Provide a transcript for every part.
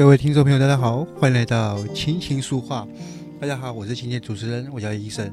各位聽眾朋友，大家好，歡迎來到琴棋書畫。大家好，我是今天主持人，我叫醫生。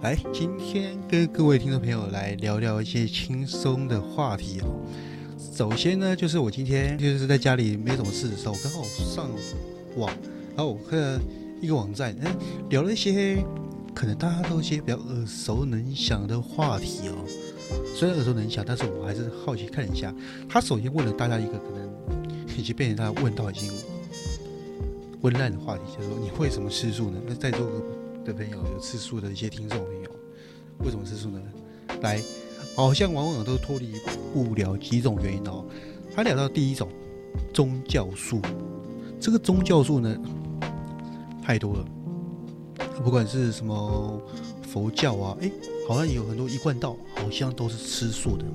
哎，今天跟各位聽眾朋友來聊聊一些輕鬆的話題哦。首先呢，就是我今天就是在家裡沒什麼事的時候，我剛好上網，然後我看一個網站，嗯，聊了一些可能大家都一些比較耳熟能詳的話題哦。雖然耳熟能詳，但是我還是好奇看一下。他首先問了大家一個，可能已經被人家問到已經。混亂的話題，就是說你會什麼吃素呢？那在座的朋友有吃素的一些聽眾朋友，為什麼吃素呢？來，好像往往都脫離不了幾種原因哦。他聊到第一種宗教素，這個宗教素呢太多了，不管是什麼佛教啊，誒、欸，好像有很多一貫道，好像都是吃素的嘛。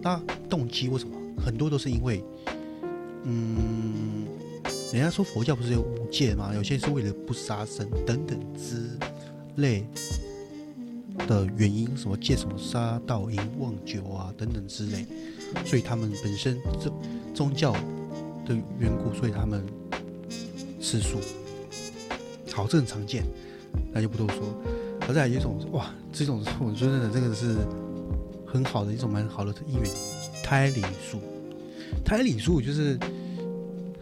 那動機為什麼？很多都是因為，嗯。人家說佛教不是有五戒嗎？有些人是為了不殺生等等之類的原因，什麼戒什麼殺盜淫妄酒啊等等之類，所以他們本身宗宗教的緣故，所以他們吃素，好，這很常見，那就不多說。而在有一種哇，這種我真的真的真的是很好的一種蠻好的意願，胎裡素，胎裡素就是。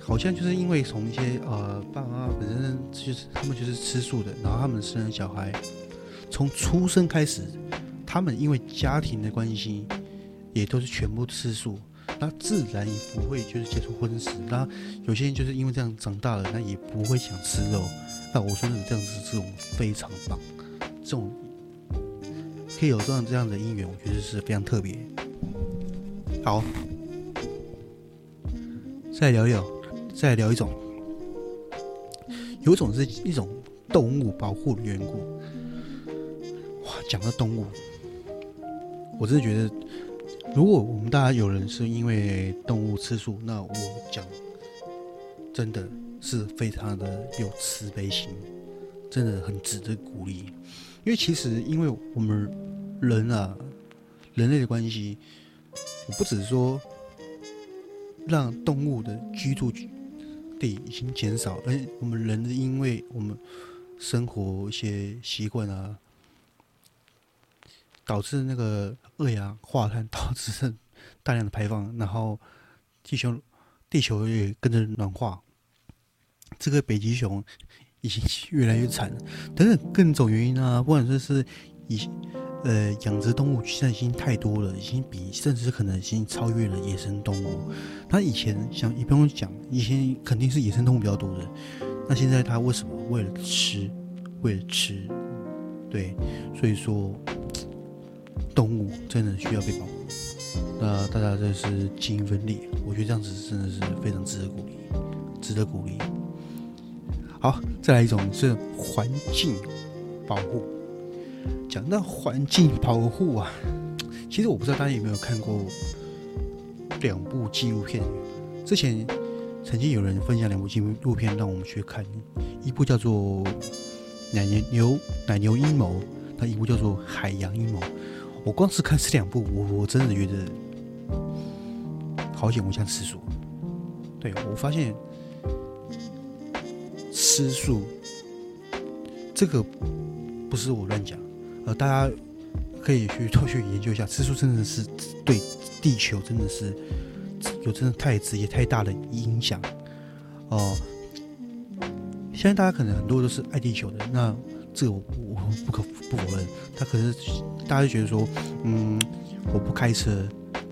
好像就是因為從一些呃，爸媽本身就是他們就是吃素的，然後他們生了小孩，從出生開始，他們因為家庭的關係，也都是全部吃素，那自然也不會就是接觸葷食。那有些人就是因為這樣長大了，那也不會想吃肉。那我說的這樣子是這種非常棒，這種可以有這樣這樣的因緣，我覺得是非常特別。好，再聊聊。再聊一種，有種是一種動物保護的緣故。哇，講到動物，我真的覺得，如果我們大家有人是因為動物吃素，那我講，真的是非常的有慈悲心，真的很值得鼓勵。因為其實，因為我們人啊，人類的關係，我不只是說讓動物的居住。已經減少了，而我們人是因為我們生活一些習慣啊，導致那個二氧化碳導致大量的排放，然後地球地球也跟着暖化，這個北極熊已經越來越慘了，等等各種原因啊，不管說是以。呃，養殖動物現在已經太多了，已經比甚至可能已經超越了野生動物。他以前想也不用講，以前肯定是野生動物比較多的。那現在它為什麼為了吃，為了吃，對，所以說動物真的需要被保護。那大家這是精英分裂，我覺得這樣子真的是非常值得鼓勵，值得鼓勵。好，再來一種是環境保護。講到環境保護啊，其實我不知道大家有沒有看過兩部紀錄片。之前曾經有人分享兩部紀錄片，讓我們去看，一部叫做《奶牛奶牛陰謀》，那一部叫做《海洋陰謀》。我光是看這兩部，我我真的覺得好想我想吃素。對，我發現吃素這個不是我亂講。呃，大家可以去多去研究一下，吃素真的是對地球真的是有真的太直接太大的影響哦。現、呃、在大家可能很多都是愛地球的，那這個我不我不可不否認，他可是大家就覺得說，嗯，我不開車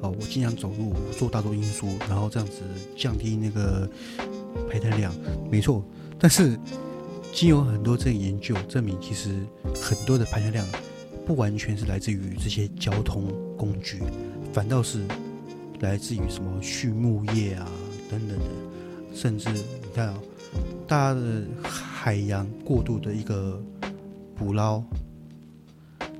哦、呃，我經常走路，我坐大眾運輸，然後這樣子降低那個排碳量，沒錯，但是。經有很多這個研究證明，其實很多的排泄量不完全是來自於這些交通工具，反倒是來自於什麼畜牧業啊等等的，甚至你看，哦，大家的海洋過度的一個捕撈，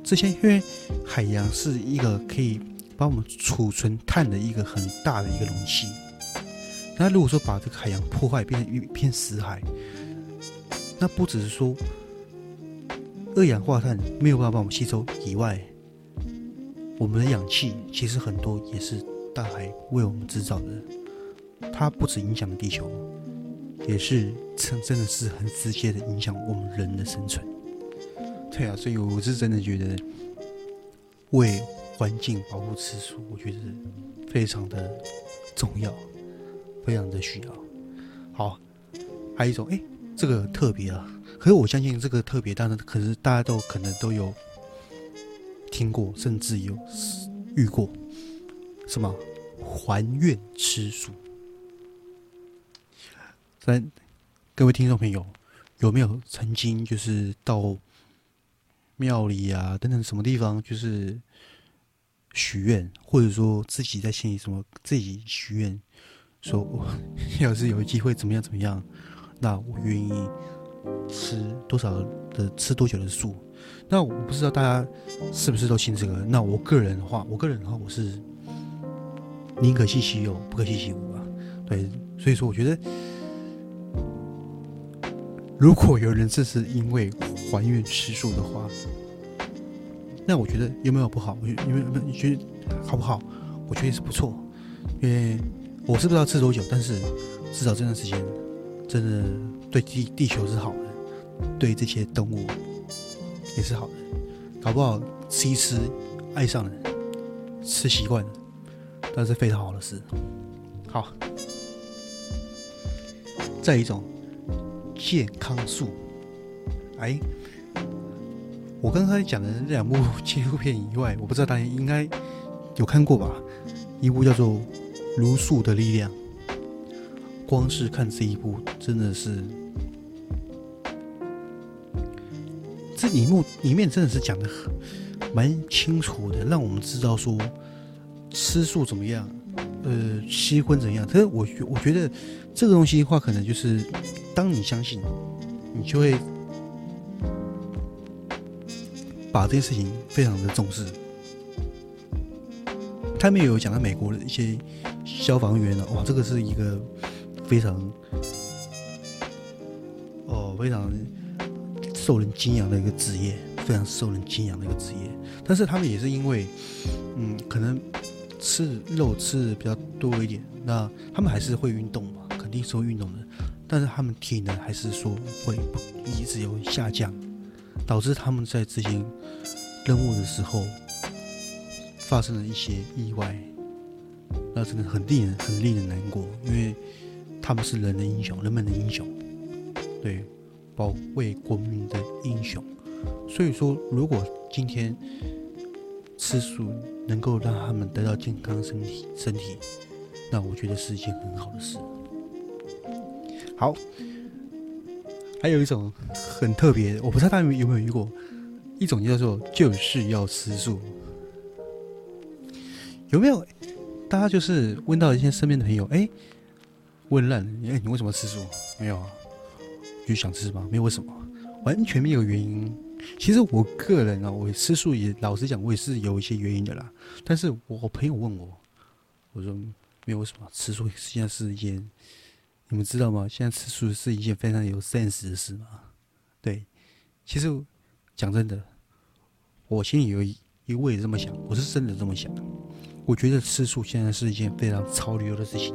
這些因為海洋是一個可以幫我們儲存碳的一個很大的一個容器，那如果說把這個海洋破壞，變成一片死海。那不只是說二氧化碳沒有辦法幫我們吸收以外，我們的氧氣其實很多也是大海為我們製造的。它不止影響地球，也是真真的是很直接的影響我們人的生存。對啊，所以我是真的覺得為環境保護吃素，我覺得非常的重要，非常的需要。好，還有一種哎、欸。這個特別啊，可是我相信這個特別，但是可是大家都可能都有聽過，甚至有遇過什麼還願吃素。三，各位聽眾朋友，有沒有曾經就是到廟裡啊等等什麼地方，就是許願，或者說自己在心裡什麼自己許願，說 要是有機會怎麼樣怎麼樣？那我願意吃多少的吃多久的素，那我不知道大家是不是都信這個。那我個人的話，我個人的話，我是寧可信其有，不可信其無啊。對，所以說我覺得，如果有人這是因為懷孕吃素的話，那我覺得有沒有不好？我覺得有沒有你覺得好不好？我覺得也是不錯，因為我是不知道吃多久，但是至少這段時間。真的對地地球，是好的，對這些動物也是好的。搞不好吃一吃，愛上了，吃習慣了，那是非常好的事。好，再一種健康素，哎，我剛才講的這兩部紀錄片以外，我不知道大家應該有看過吧？一部叫做《茹素的力量》，光是看這一部。真的是，這裡面裡面真的是講得很蠻清楚的，讓我們知道說吃素怎麼樣，呃，吸葷怎麼樣。可是我我覺得這個東西的話，可能就是當你相信，你就會把這些事情非常的重視。他們有講到美國的一些消防員啊，哇，哦，這個是一個非常。非常受人敬仰的一個職業，非常受人敬仰的一個職業。但是他們也是因為，嗯，可能吃肉吃的比較多一點，那他們還是會運動嘛，肯定是會運動的。但是他們體能還是說會一直有下降，導致他們在執行任務的時候發生了一些意外。那真的很令人、很令人難過，因為他們是人的英雄，人們的英雄，對。保衛國民的英雄，所以說，如果今天吃素能夠讓他們得到健康身體，身體，那我覺得是一件很好的事。好，還有一種很特別，我不知道大家有沒有遇過，一種叫做就是要吃素，有沒有？大家就是問到一些身邊的朋友，哎、欸，問爛了，哎、欸，你為什麼吃素？沒有啊？就想吃嗎？沒有為什麼，完全沒有原因。其實我個人啊，我吃素也，老實講，我也是有一些原因的啦。但是我朋友問我，我說沒有為什麼，吃素現在是一件，你們知道嗎？現在吃素是一件非常有 sense 的事嘛。對，其實講真的，我心裡有一一位這麼想，我是真的這麼想。我覺得吃素現在是一件非常潮流的事情，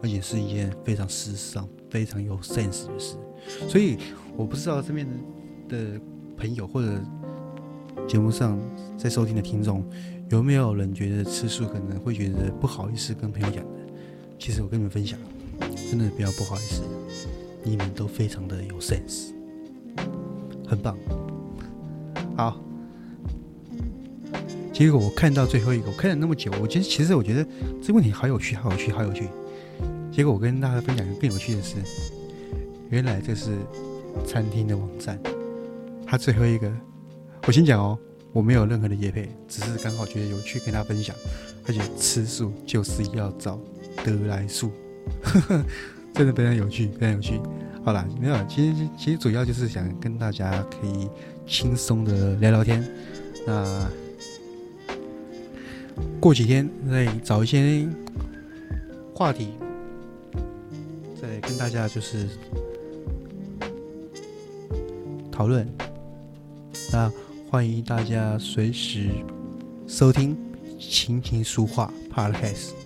而且是一件非常時尚。非常有 sense 的事，所以我不知道身邊的的朋友或者節目上在收聽的聽眾，有沒有人覺得吃素可能會覺得不好意思跟朋友講的。其實我跟你們分享，真的不要不好意思，你們都非常的有 sense，很棒。好，結果我看到最後一個，我看了那麼久，我其實其實我覺得這個問題好有趣，好有趣，好有趣。結果我跟大家分享一個更有趣的事，原來這是餐廳的網站。他最後一個，我先講哦，我沒有任何的業配，只是剛好覺得有趣跟大家分享。而且吃素就是要找得來素呵呵，真的非常有趣，非常有趣。好了，沒有，其實其實主要就是想跟大家可以輕鬆的聊聊天。那過幾天再找一些話題。對跟大家就是討論，那歡迎大家隨時收聽琴棋書畫 Podcast。